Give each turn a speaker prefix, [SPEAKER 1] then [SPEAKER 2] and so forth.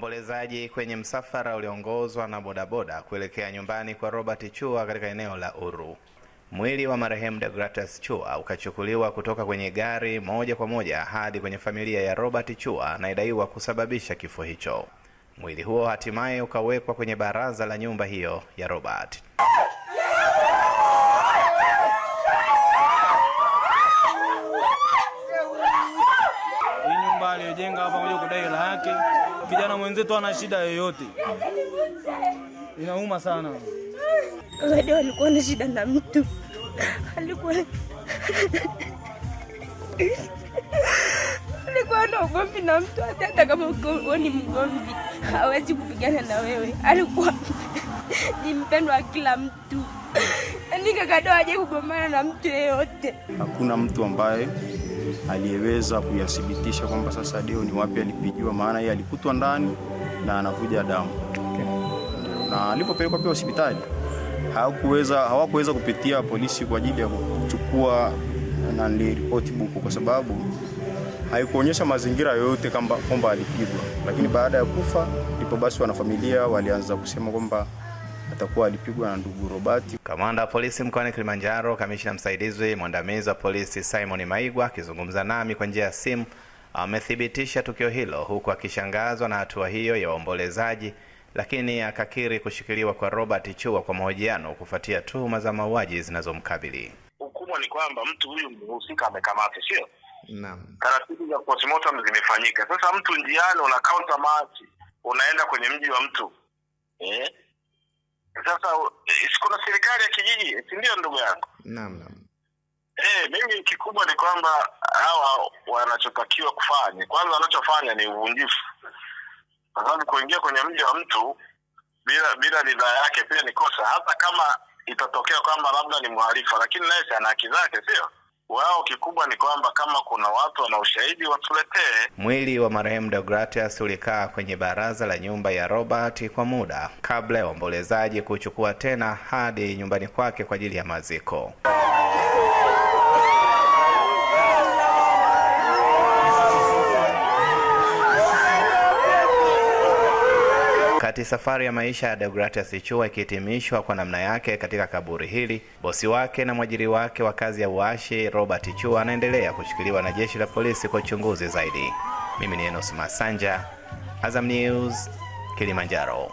[SPEAKER 1] Waombolezaji kwenye msafara ulioongozwa na bodaboda kuelekea nyumbani kwa Robert Chua katika eneo la Uru. Mwili wa marehemu Deogratus Chua ukachukuliwa kutoka kwenye gari moja kwa moja hadi kwenye familia ya Robert Chua anayedaiwa kusababisha kifo hicho. Mwili huo hatimaye ukawekwa kwenye baraza la nyumba hiyo ya Robert.
[SPEAKER 2] Hii nyumba aliyojenga hapa moja kudai la haki kijana mwenzetu ana shida yoyote, inauma sana.
[SPEAKER 3] Wade walikuwa na shida na mtu alikuwa alikuwa na ugomvi na mtu, hata kama uko ni mgomvi hawezi kupigana na wewe. Alikuwa ni mpendwa kila mtu, yaani Kakado hajawahi kugombana na mtu yeyote.
[SPEAKER 4] Hakuna mtu ambaye aliyeweza kuyathibitisha kwamba sasa Deo ni wapi alipigiwa, maana yeye alikutwa ndani na anavuja damu okay. Na alipopelekwa pia hospitali hawakuweza hawakuweza kupitia polisi kwa ajili ya kuchukua na report buku, kwa sababu haikuonyesha mazingira yoyote kwamba alipigwa, lakini baada ya kufa ndipo basi wanafamilia walianza kusema kwamba atakuwa alipigwa na ndugu Robati.
[SPEAKER 1] Kamanda wa polisi mkoani Kilimanjaro, kamishina msaidizi mwandamizi wa polisi Simon Maigwa akizungumza nami kwa njia ya simu amethibitisha tukio hilo huku akishangazwa na hatua hiyo ya waombolezaji, lakini akakiri kushikiliwa kwa Robert chua kwa mahojiano kufuatia tuhuma za mauaji zinazomkabili.
[SPEAKER 5] Hukumu ni kwamba mtu huyu mhusika amekamatwa, sio? Naam, taratibu za postmortem zimefanyika. Sasa mtu njiani una counter march, unaenda kwenye mji wa mtu eh? si ndio ndugu yangu? Naam, naam. Eh, mimi kikubwa ni kwamba hawa wanachotakiwa kufanya, kwanza wanachofanya ni uvunjifu, kwa sababu kuingia kwenye mji wa mtu bila bila ridhaa yake pia ni kosa, hata kama itatokea kwamba labda ni mhalifu, lakini naye ana haki zake, sio? wao kikubwa ni kwamba kama kuna watu wana ushahidi watuletee.
[SPEAKER 1] Mwili wa marehemu Deogratius ulikaa kwenye baraza la nyumba ya Robert kwa muda kabla ya waombolezaji kuchukua tena hadi nyumbani kwake kwa ajili ya maziko. Wakati safari ya maisha ya Deogratias Ichua ikihitimishwa kwa namna yake katika kaburi hili, bosi wake na mwajiri wake wa kazi ya uashi Robert Ichua anaendelea kushikiliwa na jeshi la polisi kwa uchunguzi zaidi. Mimi ni Enos Masanja, Azam News, Kilimanjaro.